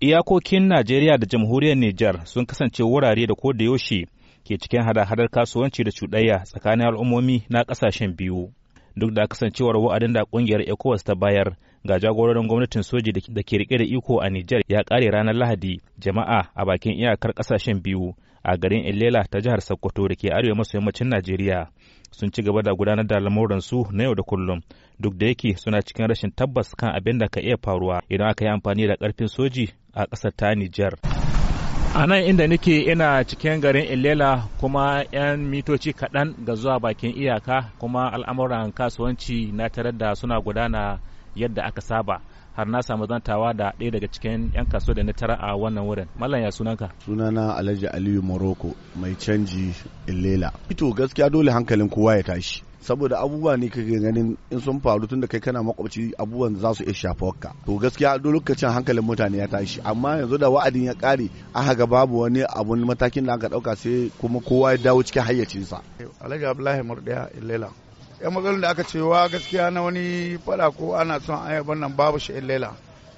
Iyakokin Najeriya da jamhuriyar Nijar sun kasance wurare da ko da yaushe ke cikin hada-hadar kasuwanci da cuɗayya tsakanin al'ummomi na ƙasashen biyu. Duk da kasancewar wa'adin da ƙungiyar ECOWAS ta bayar ga jagororin gwamnatin soji da ke rike da iko a Nijar ya ƙare ranar Lahadi jama'a a bakin iyakar ƙasashen biyu a garin Ilela ta jihar Sokoto da ke arewa maso yammacin Najeriya sun ci gaba da gudanar da lamuran su na yau da kullum duk da yake suna cikin rashin tabbas kan abin da ka iya faruwa idan aka yi amfani da karfin soji a ƙasar ta Nijar. A nan inda nake ina cikin garin Ilela kuma 'yan mitoci kaɗan ga zuwa bakin iyaka kuma al'amuran kasuwanci na tarar da suna gudana yadda aka saba har na samu zantawa da ɗaya daga cikin 'yan kasuwa da na tara a wannan wurin mallam ya sunanka sunana alhaji aliyu morocco mai canji illela fito gaskiya dole hankalin kowa ya tashi saboda abubuwa ne kake ganin in sun faru tun da kai kana makwabci abubuwan za su iya shafa ka to gaskiya dole lokacin hankalin mutane ya tashi amma yanzu da wa'adin ya kare aka ga babu wani abun matakin da aka dauka sai kuma kowa ya dawo cikin hayyacinsa alhaji abdullahi murdiya illela yan matsalolin da aka cewa gaskiya na wani fada ko ana son ayaban nan babu shi illela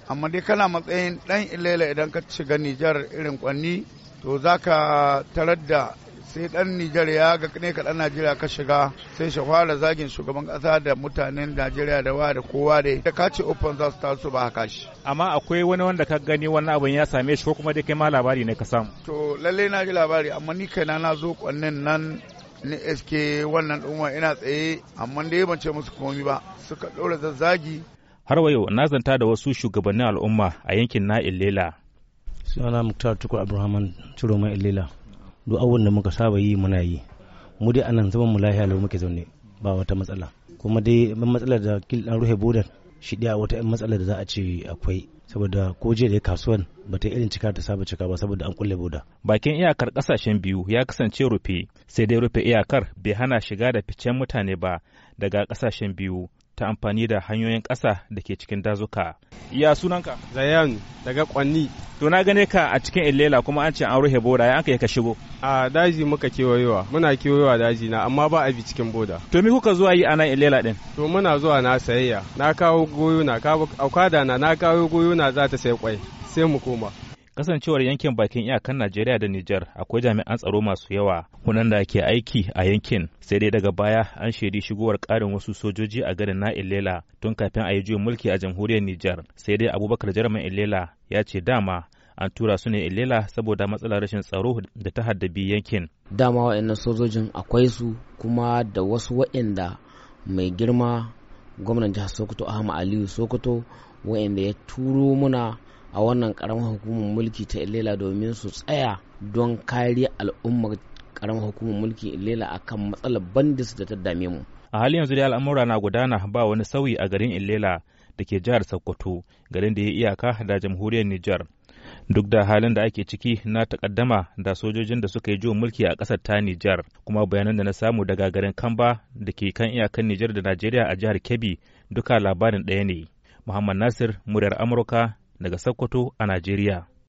amma dai kana matsayin dan illela idan ka shiga nijar irin kwanni to za ka tarar da sai dan nijar ya ga ne ka dan najeriya ka shiga sai shi fara zagin shugaban kasa da mutanen najeriya da wa da kowa da da ka ce open za su taso ba haka shi amma akwai wani wanda ka gani wannan abin ya same shi ko kuma dai kai ma labari ne ka samu to lalle na ji labari amma ni kaina na zo kwannin nan ni SK wannan ɗin ina tsaye amma dai ban ce musu komi ba suka ɗora zazzagi. Har wa na zanta da wasu shugabannin al'umma a yankin na Ilela. Sunana Muktar Tuku Abrahaman Ciroma Ilela. Duk abin da muka saba yi muna yi. Mu dai anan zaman mu lafiya lau muke zaune ba wata matsala. Kuma dai ban matsala da kil an rufe bodan shi ɗaya wata matsala da za a ce akwai saboda ko je da kasuwan ba ta irin cika ta saba cika ba saboda an kulle boda bakin iyakar kasashen biyu ya kasance rufe sai dai rufe iyakar bai hana shiga da ficen mutane ba daga kasashen biyu ta amfani da hanyoyin ƙasa da ke cikin dazuka. Ya sunanka? Zayan daga Kwanni. To na gane ka a cikin Ilela kuma an ce an rufe boda ya aka ka shigo. A daji muka kewayewa, muna kewayewa daji na amma ba a bi cikin boda. To me kuka zuwa yi anan Ilela din? To muna zuwa na sayayya, na kawo goyo na kawo aukada na na kawo goyo na za ta sai kwai. sai mu koma kasancewar yankin bakin iyakan Najeriya da Nijar akwai jami'an tsaro masu yawa da ke aiki a yankin sai dai daga baya an shaidi shigowar karin wasu sojoji a garin na Ilela tun kafin a yi juyin mulki a jamhuriyar Nijar sai dai Abubakar Jarman Ilela ya ce dama an tura su ne Ilela saboda matsalar rashin tsaro da ta haddabi yankin dama waɗannan sojojin akwai su kuma da wasu waɗanda mai girma gwamnan jihar Sokoto Ahmad Aliyu Sokoto waɗanda ya turo muna a wannan karamar hukumar mulki ta ilela domin su tsaya don kare al'ummar karamar hukumar mulki ilela akan matsalar bandis da ta dame mu a halin yanzu dai al'amura na gudana ba wani sauyi a garin ilela da ke jihar sokoto garin da ya iyaka da jamhuriyar nijar duk da halin da ake ciki na takaddama da sojojin da suka yi juyin mulki a kasar ta Nijar kuma bayanan da na samu daga garin Kamba da ke kan iyakan Nijar da Najeriya a jihar Kebbi duka labarin ɗaya ne. Muhammad Nasir, muryar Amurka daga Sokoto a Najeriya.